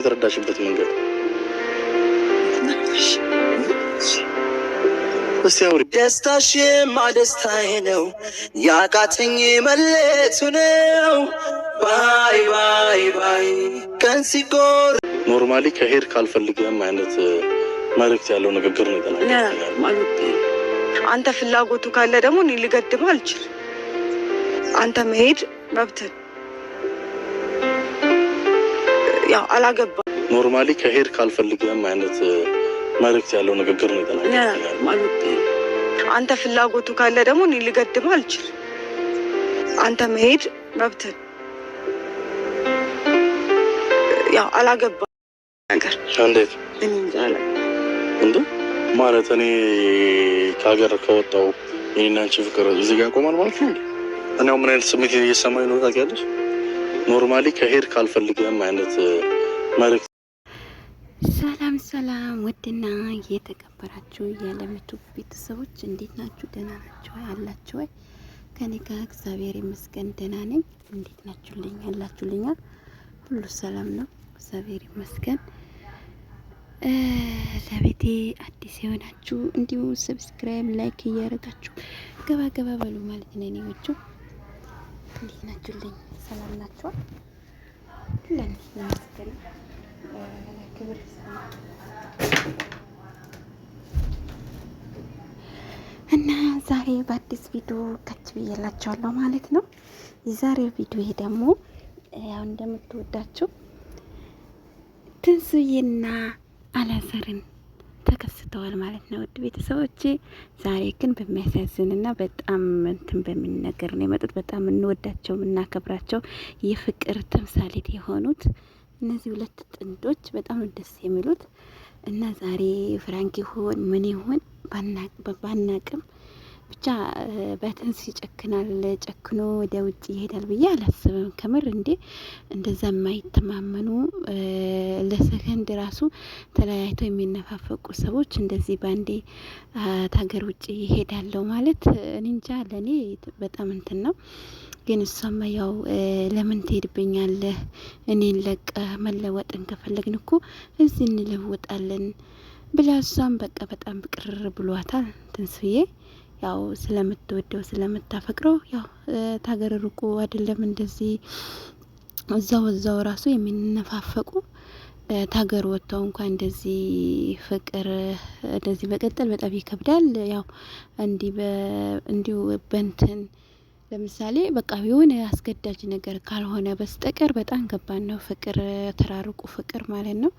የተረዳሽበት መንገድ ደስታሽ ማደስታዬ ነው ያቃተኝ መለቱ ነው። ባይ ባይ ባይ ቀን ሲጎር ኖርማሊ ከሄድ ካልፈልግም አይነት መልእክት ያለው ንግግር ነው። አንተ ፍላጎቱ ካለ ደግሞ እኔ ልገድም አልችልም። አንተ መሄድ መብትን ያው ኖርማሊ ከሄድ ካልፈልግም አይነት መልእክት ያለው ንግግር ነው የተናገረው። አንተ ፍላጎቱ ካለ ደግሞ እኔ ልገድም አልችልም። አንተ መሄድ መብት ያው ነገር እንዴት እንደ ማለት እኔ ከሀገር ከወጣው የእኔና አንቺ ፍቅር እዚህ ጋር ያቆማል ማለት ነው። እኔው ምን አይነት ስሜት እየሰማኝ ነው ታውቂያለሽ? ኖርማሊ ከሄድ ካልፈልግም አይነት መልእክት። ሰላም ሰላም፣ ውድና የተከበራችሁ የለምቱ ቤተሰቦች እንዴት ናችሁ? ደህና ናችሁ አላችሁ ወይ? ከኔ ጋር እግዚአብሔር ይመስገን ደህና ነኝ። እንዴት ናችሁልኝ? አላችሁልኛል? ሁሉ ሰላም ነው፣ እግዚአብሔር ይመስገን። ለቤቴ አዲስ የሆናችሁ እንዲሁም ሰብስክራይብ፣ ላይክ እያደረጋችሁ ገባ ገባ በሉ ማለት ነው ኔዎቹ እንዴት ናችሁልኝ? ሰላም ናችኋል? ሁለን ይመስገን ክብር እና ዛሬ በአዲስ ቪዲዮ ከች ብዬላችኋለሁ ማለት ነው። የዛሬው ቪዲዮ ደግሞ ያው እንደምትወዳችሁ ትንሱዬና አላዘርን ተከስተዋል ማለት ነው። ውድ ቤተሰቦቼ ዛሬ ግን በሚያሳዝንና በጣም እንትን በሚነገር ነው የመጡት። በጣም እንወዳቸው እናከብራቸው የፍቅር ተምሳሌት የሆኑት እነዚህ ሁለት ጥንዶች በጣም ደስ የሚሉት እና ዛሬ ፍራንክ ይሆን ምን ይሆን ባናቅም ብቻ በትንስ ይጨክናል። ጨክኖ ወደ ውጭ ይሄዳል ብዬ አላስብም። ከምር እንዴ እንደዛ የማይተማመኑ ለሰከንድ ራሱ ተለያይቶ የሚነፋፈቁ ሰዎች እንደዚህ ባንዴ ታገር ውጭ ይሄዳለው ማለት እንጃ፣ ለእኔ በጣም እንትን ነው። ግን እሷም ያው ለምን ትሄድብኛለህ? እኔን ለቀ መለወጥን ከፈለግን እኮ እዚህ እንለወጣለን ብላ እሷም በቃ በጣም ቅርር ብሏታል ትንስዬ ያው ስለምትወደው ስለምታፈቅረው ያው ታገር ርቁ አይደለም እንደዚህ እዛው እዛው ራሱ የሚነፋፈቁ ታገር ወጥተው እንኳን እንደዚህ ፍቅር እንደዚህ በቀጠል በጣም ይከብዳል። ያው እንዲህ እንዲሁ በንትን ለምሳሌ በቃ የሆነ አስገዳጅ ነገር ካልሆነ በስተቀር በጣም ከባድ ነው ፍቅር፣ ተራርቁ ፍቅር ማለት ነው።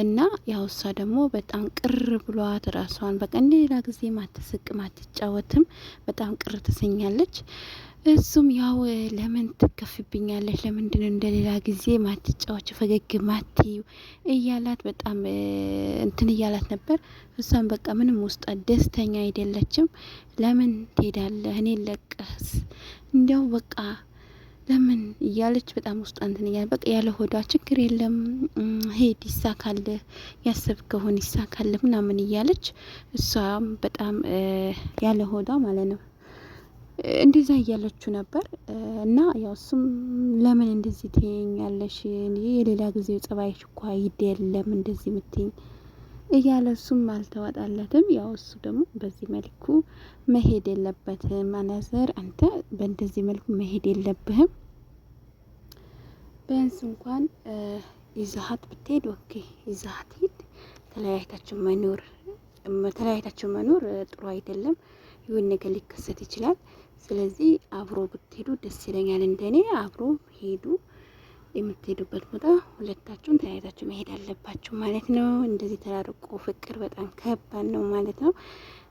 እና ያው እሷ ደግሞ በጣም ቅር ብሏት ራሷን በቃ ሌላ ጊዜ ማትስቅ ማትጫወትም በጣም ቅር ትሰኛለች። እሱም ያው ለምን ትከፍብኛለች? ለምንድን እንደሌላ ጊዜ ማትጫዎች ፈገግ ማትዩ እያላት በጣም እንትን እያላት ነበር። እሷም በቃ ምንም ውስጧ ደስተኛ አይደለችም። ለምን ትሄዳለህ? እኔ ለቀስ እንዲያው በቃ ለምን እያለች በጣም ውስጥ እንትን እያለ በቃ ያለ ሆዷ ችግር የለም ሄድ ይሳካልህ፣ ያሰብከውን ይሳካል ምናምን እያለች እሷም በጣም ያለ ሆዷ ማለት ነው እንደዛ እያለችው ነበር። እና ያው እሱም ለምን እንደዚህ ትይኛለሽ? የሌላ ጊዜ ጸባይሽ እኮ አይደለም እንደዚህ ምትይኝ እያለ እሱም ያው እሱ ደግሞ በዚህ መልኩ መሄድ የለበትም አናዘር፣ አንተ በእንደዚህ መልኩ መሄድ የለብህም ቢያንስ እንኳን ይዛሀት ብትሄድ ኦኬ፣ ይዛሀት ሂድ። ተለያይታቸው መኖር ተለያይታቸው መኖር ጥሩ አይደለም፣ ይሁን ነገር ሊከሰት ይችላል። ስለዚህ አብሮ ብትሄዱ ደስ ይለኛል። እንደኔ አብሮ ሄዱ። የምትሄዱበት ቦታ ሁለታችሁም ተያይዛችሁ መሄድ አለባችሁ ማለት ነው። እንደዚህ ተራርቆ ፍቅር በጣም ከባድ ነው ማለት ነው።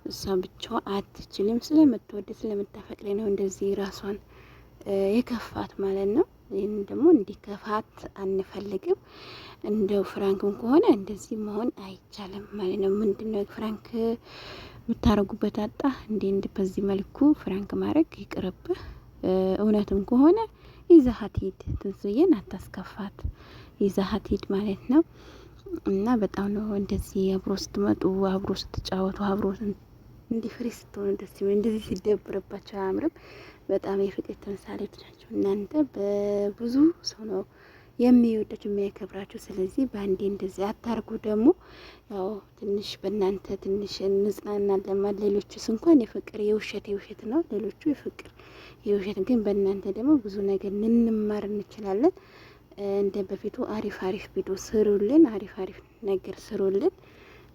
እሷ ብቻዋ አትችልም። ስለምትወድ ስለምታፈቅሬ ነው እንደዚህ ራሷን የከፋት ማለት ነው። ይህን ደግሞ እንዲከፋት አንፈልግም። እንደው ፍራንክም ከሆነ እንደዚህ መሆን አይቻልም ማለት ነው። ምንድነው ፍራንክ የምታረጉበት አጣ እንዴ? በዚህ መልኩ ፍራንክ ማድረግ ይቅርብህ። እውነትም ከሆነ ይዛሀት ሂድ፣ ትንሱዬን አታስከፋት፣ ይዛሀት ሂድ ማለት ነው። እና በጣም ነው እንደዚህ አብሮ ስትመጡ፣ አብሮ ስትጫወቱ፣ አብሮ እንዲህ ፍሬ ስትሆኑ ደስ ይበል። እንደዚህ ሲደብርባቸው አያምርም። በጣም የፍቅር ተምሳሌት ናቸው እናንተ በብዙ ሰው ነው የሚወዳችሁ የሚያከብራችሁ። ስለዚህ በአንዴ እንደዚህ አታርጉ። ደግሞ ያው ትንሽ በእናንተ ትንሽ እንጽናናለን። ሌሎቹስ እንኳን የፍቅር የውሸት የውሸት ነው፣ ሌሎቹ የፍቅር የውሸት ግን፣ በእናንተ ደግሞ ብዙ ነገር ልንማር እንችላለን። እንደ በፊቱ አሪፍ አሪፍ ቪዲዮ ስሩልን፣ አሪፍ አሪፍ ነገር ስሩልን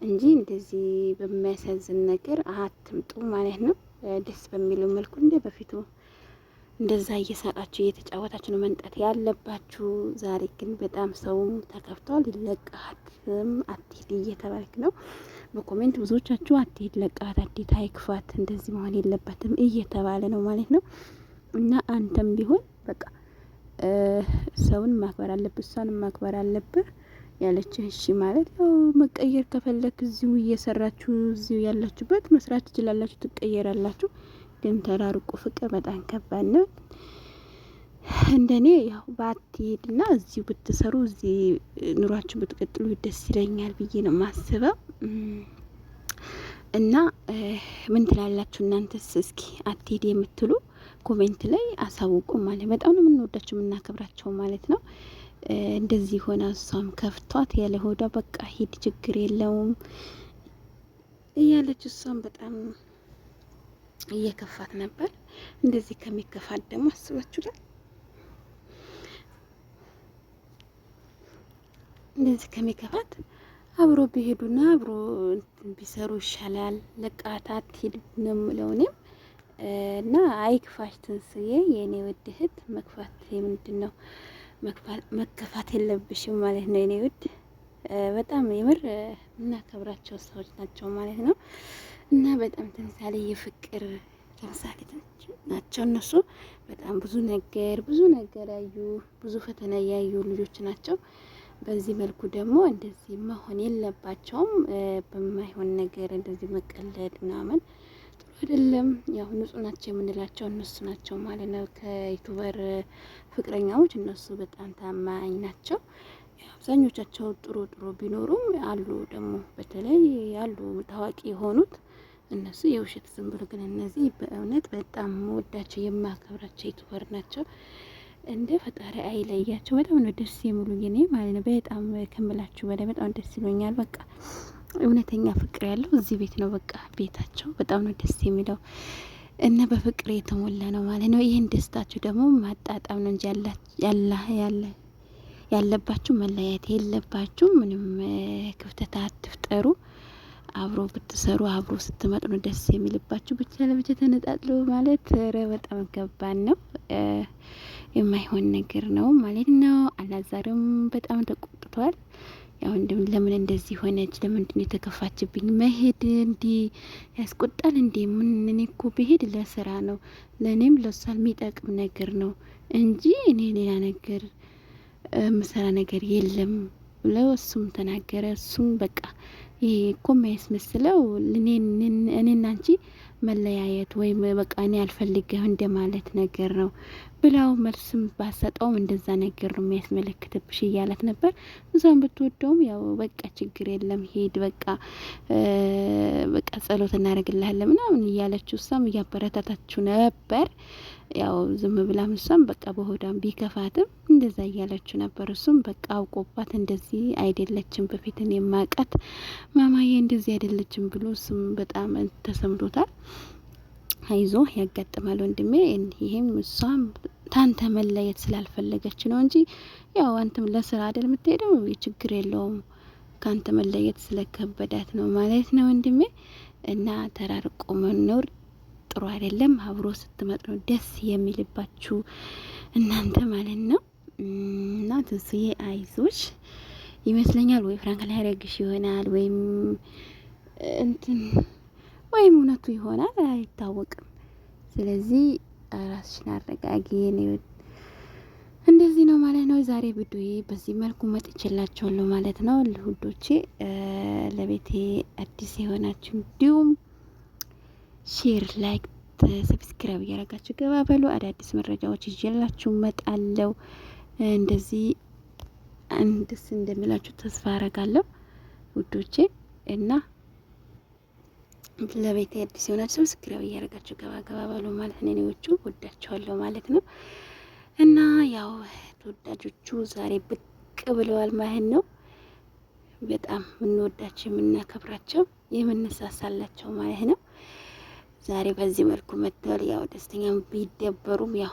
እንጂ እንደዚህ በሚያሳዝን ነገር አትምጡ ማለት ነው። ደስ በሚለው መልኩ እንደ በፊቱ እንደዛ እየሳቃችሁ እየተጫወታችሁ ነው መንጠት ያለባችሁ። ዛሬ ግን በጣም ሰው ተከፍቷል። ለቃትም አትሄድ እየተባልክ ነው በኮሜንት ብዙዎቻችሁ አትሄድ፣ ለቃት፣ አዲት፣ አይክፋት፣ እንደዚህ መሆን የለበትም እየተባለ ነው ማለት ነው። እና አንተም ቢሆን በቃ ሰውን ማክበር አለብህ፣ እሷንም ማክበር አለብህ። ያለች እሺ ማለት ያው መቀየር ከፈለክ እዚሁ እየሰራችሁ እዚሁ ያላችሁበት መስራት ትችላላችሁ፣ ትቀየራላችሁ። ግን ተራርቆ ፍቅር በጣም ከባድ ነው። እንደኔ ያው ባትሄድና እዚሁ ብትሰሩ እዚህ ኑሯችሁ ብትቀጥሉ ደስ ይለኛል ብዬ ነው ማስበው። እና ምን ትላላችሁ እናንተስ? እስኪ አትሄድ የምትሉ ኮሜንት ላይ አሳውቁ። ማለት በጣም ነው የምንወዳቸው የምናከብራቸው ማለት ነው። እንደዚህ ሆነ እሷም ከፍቷት ያለ ሆዷ በቃ ሂድ ችግር የለውም እያለች እሷም በጣም እየከፋት ነበር። እንደዚህ ከሚከፋት ደግሞ አስባችሁታል? እንደዚህ ከሚከፋት አብሮ ቢሄዱና አብሮ ቢሰሩ ይሻላል። ለቃታ አትሄድ ነው የምለው እኔም እና አይክፋሽ ትንስዬ የእኔ ውድ እህት፣ መክፋት ምንድን ነው መከፋት የለብሽም ማለት ነው የእኔ ውድ። በጣም የምር የምናከብራቸው ሰዎች ናቸው ማለት ነው። እና በጣም ተምሳሌ የፍቅር ተምሳሌ ናቸው እነሱ። በጣም ብዙ ነገር ብዙ ነገር ያዩ ብዙ ፈተና ያዩ ልጆች ናቸው። በዚህ መልኩ ደግሞ እንደዚህ መሆን የለባቸውም። በማይሆን ነገር እንደዚህ መቀለድ ምናምን ጥሩ አይደለም። ያው ንጹሕ ናቸው የምንላቸው እነሱ ናቸው ማለት ነው። ከዩቱበር ፍቅረኛዎች እነሱ በጣም ታማኝ ናቸው። አብዛኞቻቸው ጥሩ ጥሩ ቢኖሩም አሉ ደግሞ በተለይ ያሉ ታዋቂ የሆኑት እነሱ የውሸት ዝም ብሎ ግን እነዚህ በእውነት በጣም ወዳቸው የማከብራቸው ዩቱበር ናቸው። እንደ ፈጣሪ አይለያቸው። በጣም ነው ደስ የሚሉ እኔ ማለት ነው። በጣም ከምላችሁ በላይ በጣም ደስ ይሉኛል። በቃ እውነተኛ ፍቅር ያለው እዚህ ቤት ነው። በቃ ቤታቸው በጣም ነው ደስ የሚለው እና በፍቅር የተሞላ ነው ማለት ነው። ይህን ደስታችሁ ደግሞ ማጣጣም ነው እንጂ ያላ ያለ ያለባችሁ መለያየት የለባችሁ። ምንም ክፍተት አትፍጠሩ። አብሮ ብትሰሩ አብሮ ስትመጡ ነው ደስ የሚልባችሁ። ብቻ ለብቻ ተነጣጥሎ ማለት ረ በጣም ከባድ ነው፣ የማይሆን ነገር ነው ማለት ነው። አላዛርም በጣም ተቆጥቷል። ያው ለምን እንደዚህ ሆነች? ለምንድን ነው የተከፋችብኝ? መሄድ እንዲ ያስቆጣል እንዴ? ምን እኔ እኮ ብሄድ ለስራ ነው ለእኔም ለሷል የሚጠቅም ነገር ነው እንጂ እኔ ሌላ ነገር ምሰራ ነገር የለም ብለው እሱም ተናገረ። እሱም በቃ ይሄ እኮ የሚያስመስለው እኔና አንቺ መለያየት ወይም በቃ እኔ አልፈልግህ እንደማለት ነገር ነው ብላው መልስም ባሰጠውም እንደዛ ነገር ነው የሚያስመለክትብሽ እያላት ነበር። እዛም ብትወደውም ያው በቃ ችግር የለም ሄድ፣ በቃ በቃ ጸሎት እናደርግልሃለን ምናምን እያለችው እሷም እያበረታታችሁ ነበር። ያው ዝም ብላም እሷም በቃ በሆዳም ቢከፋትም እንደዛ እያለችው ነበር። እሱም በቃ አውቆባት እንደዚህ አይደለችም በፊት እኔ ማቀት ማማዬ እንደዚህ አይደለችም ብሎ እሱም በጣም ተሰምቶታል። አይዞ ያጋጥማል ወንድሜ። ይሄም እሷም ታንተ መለየት ስላልፈለገች ነው እንጂ ያው አንተም ለስራ አይደል የምትሄደው፣ የችግር የለውም ካንተ መለየት ስለከበዳት ነው ማለት ነው ወንድሜ። እና ተራርቆ መኖር ጥሩ አይደለም። አብሮ ስትመጥ ነው ደስ የሚልባችሁ እናንተ ማለት ነው። እና ትንሱዬ አይዞች ይመስለኛል ወይ ፍራንክ ላይ ያደረግሽ ይሆናል ወይም እንትን ወይም እውነቱ ይሆናል አይታወቅም። ስለዚህ ራስሽን አረጋጊ። እንደዚህ ነው ማለት ነው። ዛሬ ቪዲዮ በዚህ መልኩ መጥቼላችኋለሁ ማለት ነው። ለሁዶቼ ለቤቴ አዲስ የሆናችሁ እንዲሁም ሼር፣ ላይክ፣ ሰብስክራይብ እያደረጋችሁ ገባበሉ። አዳዲስ መረጃዎች ይዤላችሁ መጣለው። እንደዚህ ደስ እንደሚላችሁ ተስፋ አረጋለሁ ውዶቼ እና ለቤት አዲስ የሆናችሁ ሰብስክራይብ እያደረጋችሁ ገባ ገባ ባሉ ማለት ነው። እኔዎቹ ወዳችኋለሁ ማለት ነው እና ያው ተወዳጆቹ ዛሬ ብቅ ብለዋል ማለት ነው። በጣም የምንወዳቸው የምናከብራቸው የምንሳሳላቸው ማለት ነው። ዛሬ በዚህ መልኩ መጥተዋል። ያው ደስተኛም ቢደበሩም ያው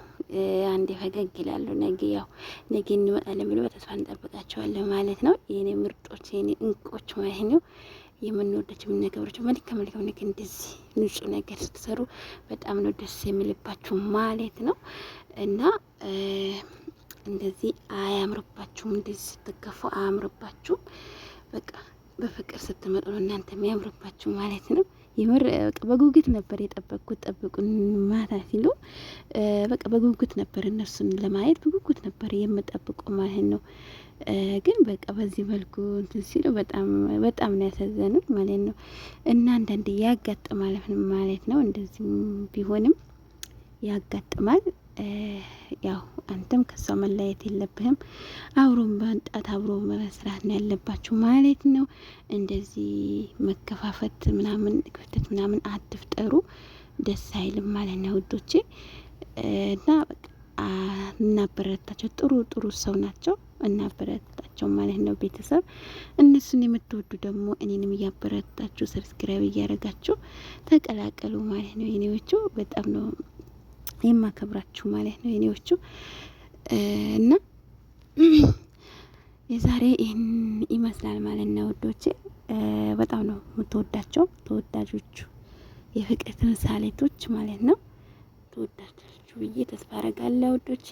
አንዴ ፈገግ ይላሉ። ነገ ያው ነገ እንመጣለን ብሎ በተስፋ እንጠብቃቸዋለን ማለት ነው። የኔ ምርጦች፣ የኔ እንቆች ማለት ነው። የምንወዳቸው የምናከብራቸው መልካም መልካም ነገር እንደዚህ ንጹህ ነገር ስትሰሩ በጣም ነው ደስ የሚልባችሁ ማለት ነው እና እንደዚህ አያምርባችሁም። እንደዚህ ስትከፉ አያምርባችሁም። በቃ በፍቅር ስትመጡ ነው እናንተ የሚያምርባችሁ ማለት ነው። የምር በጉጉት ነበር የጠበቅኩት። ጠብቁን ማታ ሲሉ በቃ በጉጉት ነበር እነሱን ለማየት በጉጉት ነበር የምጠብቀው ማለት ነው። ግን በቃ በዚህ መልኩ እንትን ሲሉ በጣም በጣም ነው ያሳዘኑት ማለት ነው። እና አንዳንዴ ያጋጥማል ማለት ነው። እንደዚህም ቢሆንም ያጋጥማል። ያው አንተም ከሷ መለየት የለብህም። አብሮ መምጣት አብሮ መስራት ነው ያለባችሁ ማለት ነው። እንደዚህ መከፋፈት ምናምን ክፍተት ምናምን አትፍጠሩ፣ ደስ አይልም ማለት ነው ውዶቼ እና እናበረታቸው። ጥሩ ጥሩ ሰው ናቸው፣ እናበረታቸው ማለት ነው። ቤተሰብ እነሱን የምትወዱ ደግሞ እኔንም እያበረታችሁ ሰብስክራይብ እያደረጋችሁ ተቀላቀሉ ማለት ነው። የኔዎቹ በጣም ነው የማከብራችሁ ማለት ነው የኔዎቹ እና የዛሬ ይህን ይመስላል ማለት ነው ውዶቼ። በጣም ነው የምትወዳቸው ተወዳጆቹ የፍቅር ተምሳሌቶች ማለት ነው። ተወዳጆቹ ብዬ ተስፋ አረጋለሁ ውዶቼ።